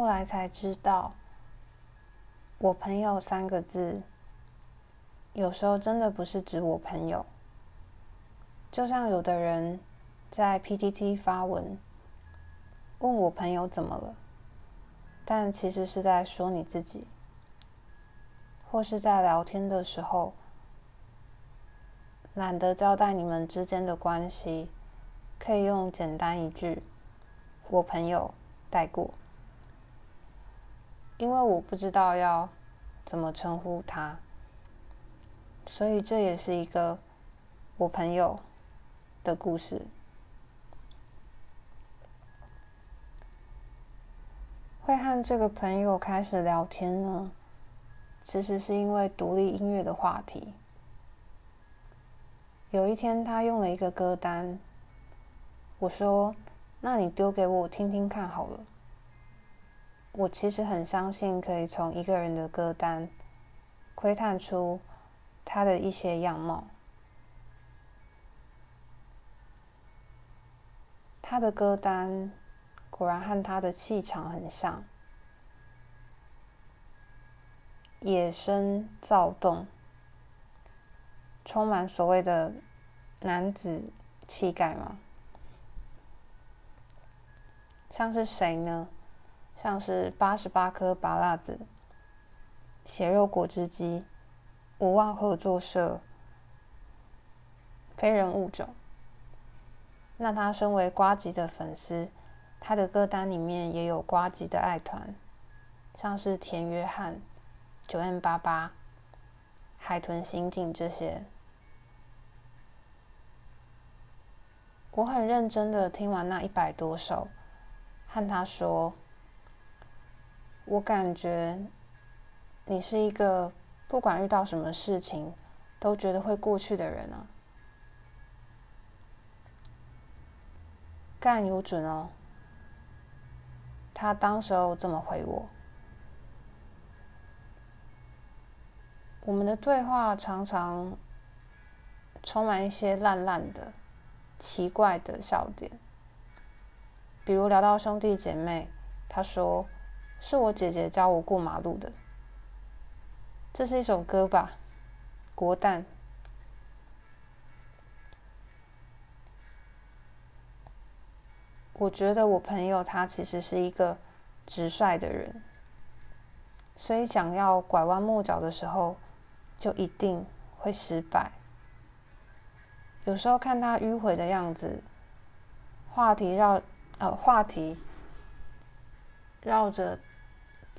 後來才知道，“我朋友”三個字，有時候真的不是指我朋友。就像有的人，在 PTT 發文問我朋友怎麼了，但其實是在說你自己。或是在聊天的時候，懶得交代你們之間的關係，可以用簡單一句“我朋友”帶過。因為我不知道要怎麼稱呼他，所以這也是一個我朋友的故事。會和這個朋友開始聊天呢，其實是因為獨立音樂的話題。有一天，他用了一個歌單，我說：“那你丟給我，聽聽看好了。”我其實很相信，可以從一個人的歌單窺探出他的一些樣貌。他的歌單果然和他的氣場很像，野生躁動，充滿所謂的男子氣概嗎？像是誰呢？像是八十八顆芭樂籽、血肉果汁機、無妄合作社、非人物種。那他身為呱吉的粉絲，他的歌單裡面也有呱吉的愛團，像是甜約翰、9m88、海豚刑警這些。我很認真的聽完那一百多首，和他說。我感覺，你是一個不管遇到什麼事情，都覺得會過去的人啊。干有準哦，他當時候這麼回我。我們的對話常常充滿一些爛爛的、奇怪的笑點，比如聊到兄弟姐妹，他說：是我姐姐教我過馬路的。這是一首歌吧？國蛋。我覺得我朋友他其實是一個直率的人，所以想要拐彎抹角的時候，就一定會失敗。有時候看他迂回的樣子話，呃，話題繞呃話題繞着。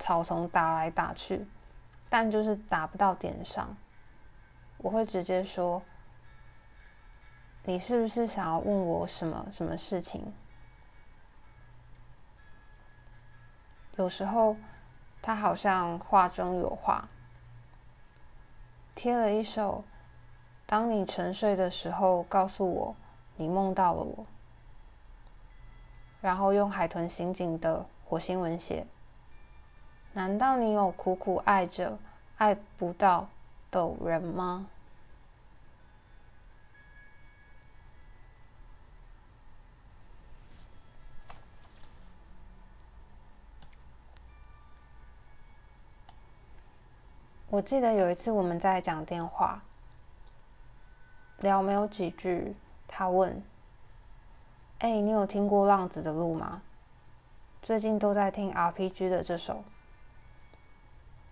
草叢打來打去，但就是打不到點上。我會直接說：“你是不是想要問我什麼什麼事情？”有時候他好像話中有話，貼了一首《當你沉睡的時候》，告訴我你夢到了我，然後用海豚刑警的火星文寫。難道你有苦苦愛着愛不到的人嗎？我記得有一次我們在講電話，聊沒有幾句，他問：“哎、欸，你有聽過《浪子的路》嗎？最近都在聽 RPG 的這首。”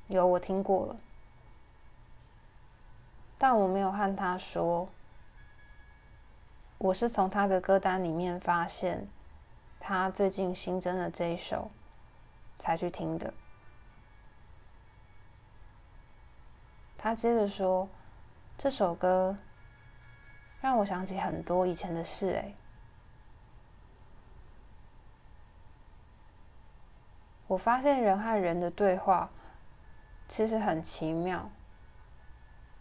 有，我聽過了，但我沒有和他說。我是從他的歌單裡面發現他最近新增了這一首，才去聽的。他接着說：“這首歌讓我想起很多以前的事。”哎，我發現人和人的對話。其實很奇妙，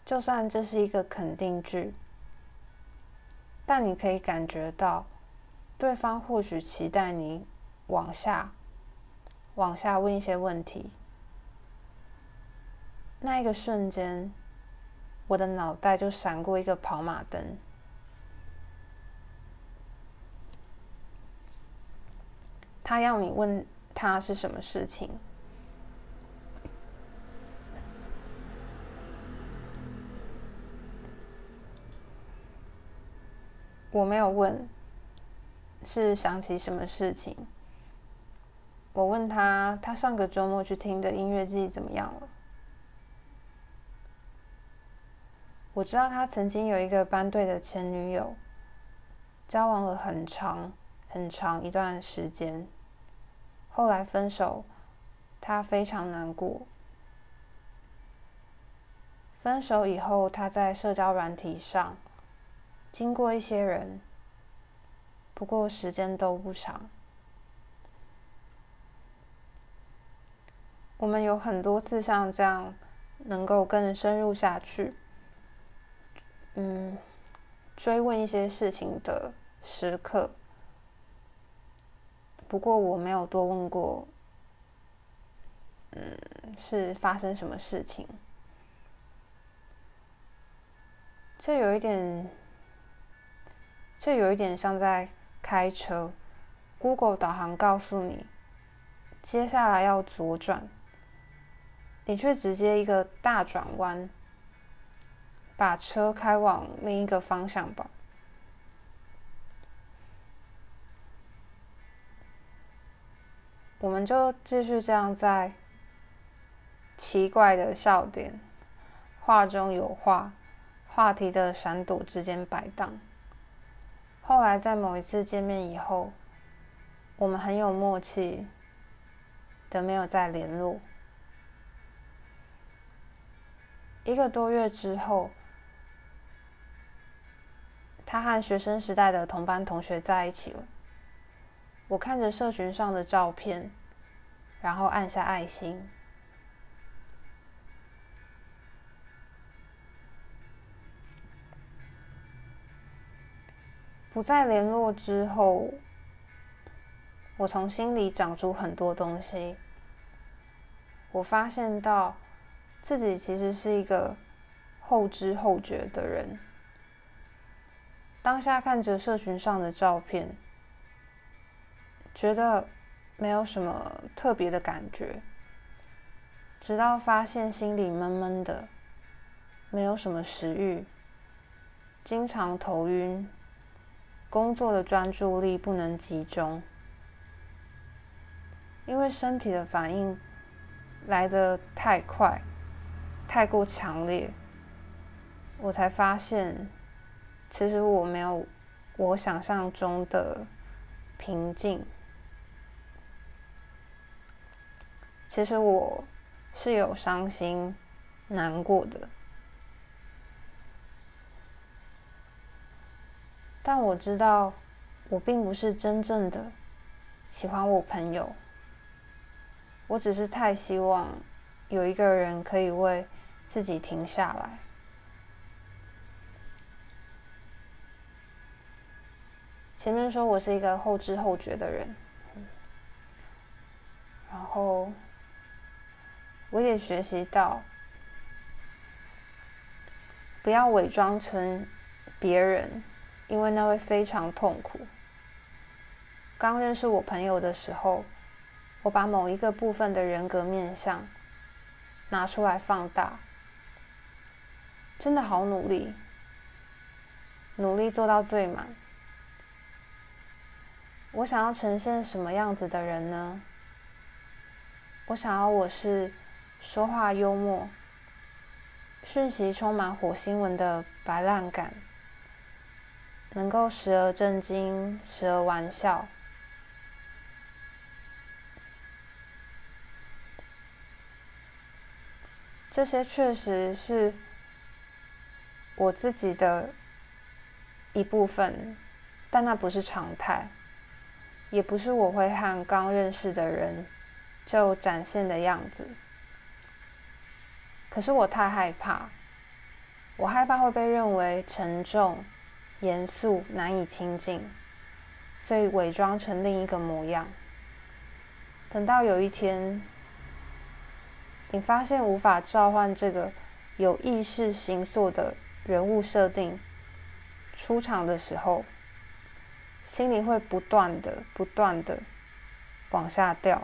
就算這是一個肯定句，但你可以感覺到，對方或許期待你往下、往下問一些問題。那一個瞬間，我的腦袋就閃過一個跑馬燈。他要你問他是什麼事情。我沒有問，是想起什麼事情？我問他，他上個周末去聽的音樂祭怎麼樣了？我知道他曾經有一個班對的前女友，交往了很長很長一段時間，後來分手，他非常難過。分手以後，他在社交軟體上。經過一些人，不過時間都不長。我們有很多次像這樣能夠更深入下去，嗯，追問一些事情的時刻。不過我沒有多問過，嗯，是發生什麼事情。這有一點。這有一點像在開車，Google 導航告訴你接下來要左轉，你卻直接一個大轉彎，把車開往另一個方向吧。我們就繼續這樣在奇怪的笑點、話中有話、話題的閃躲之間擺盪。後來在某一次見面以後，我們很有默契的沒有再聯絡。一個多月之後，他和學生時代的同班同學在一起了。我看着社群上的照片，然後按下愛心。不再聯絡之後，我從心裡長出很多東西。我發現到自己其實是一個後知後覺的人。當下看着社群上的照片，覺得沒有什麼特別的感覺。直到發現心裡悶悶的，沒有什麼食慾，經常頭暈。工作的專注力不能集中，因為身體的反應來得太快、太過強烈，我才發現，其實我沒有我想象中的平靜。其實我是有傷心難過的。但我知道，我並不是真正的喜歡我朋友。我只是太希望有一個人可以為自己停下來。前面說我是一個後知後覺的人，然後我也學習到不要偽裝成別人。因為那會非常痛苦。剛認識我朋友的時候，我把某一個部分的人格面向拿出來放大，真的好努力，努力做到最滿。我想要呈現什麼樣子的人呢？我想要我是說話幽默，訊息充滿火星文的白爛感。能夠時而震驚，時而玩笑，這些確實是我自己的一部分，但那不是常態，也不是我會和剛認識的人就展現的樣子。可是我太害怕，我害怕會被認為沉重。嚴肅難以親近，所以偽裝成另一個模樣。等到有一天，你發現無法召喚這個有意識形塑的人物設定出場的時候，心裡會不斷的、不斷的往下掉。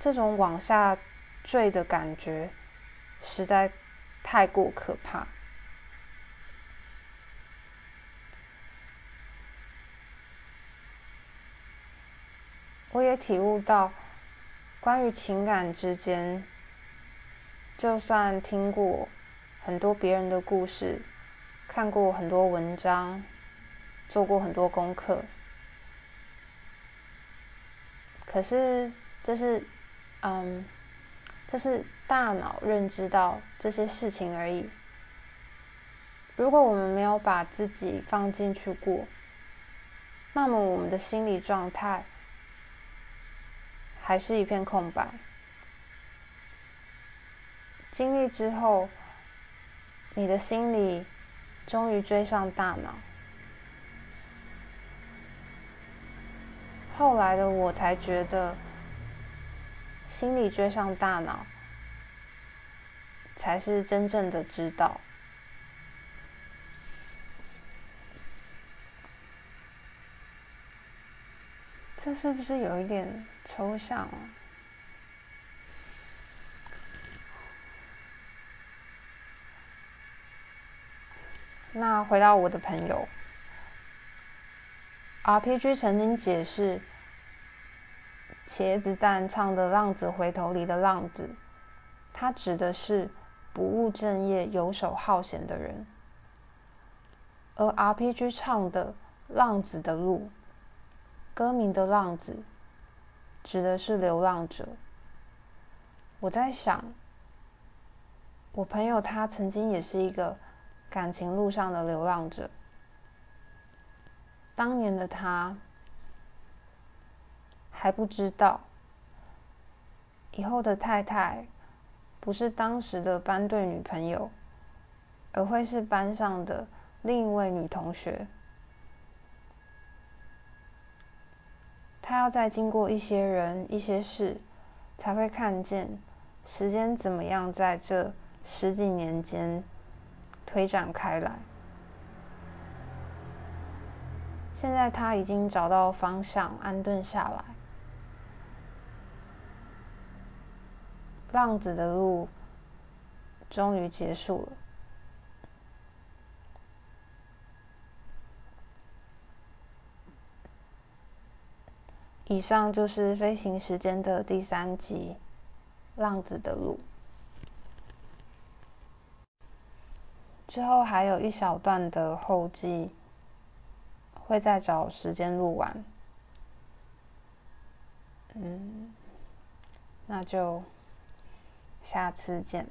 這種往下墜的感覺，實在太過可怕。我也體悟到，關於情感之間，就算聽過很多別人的故事，看過很多文章，做過很多功課，可是這是，嗯，這是大腦認知到這些事情而已。如果我們沒有把自己放進去過，那麼我們的心理狀態。還是一片空白。經歷之後，你的心裡終於追上大腦。後來的我才覺得，心裡追上大腦，才是真正的知道。這是不是有一點？抽象了。那回到我的朋友，RPG 曾經解釋，茄子蛋唱的《浪子回頭》裡的“浪子”，他指的是不務正業、遊手好閒的人；而 RPG 唱的《浪子的路》，歌名的“浪子”，指的是流浪者。我在想，我朋友他曾經也是一個感情路上的流浪者。當年的他還不知道，以後的太太不是當時的班對女朋友，而會是班上的另一位女同學。他要再經過一些人、一些事，才會看見時間怎麼樣在這十幾年間推展開來。現在他已經找到方向，安頓下來。浪子的路終於結束了。以上就是飛行時間的第三集《浪子的路》。之後還有一小段的後記，會再找時間錄完。嗯，那就下次見。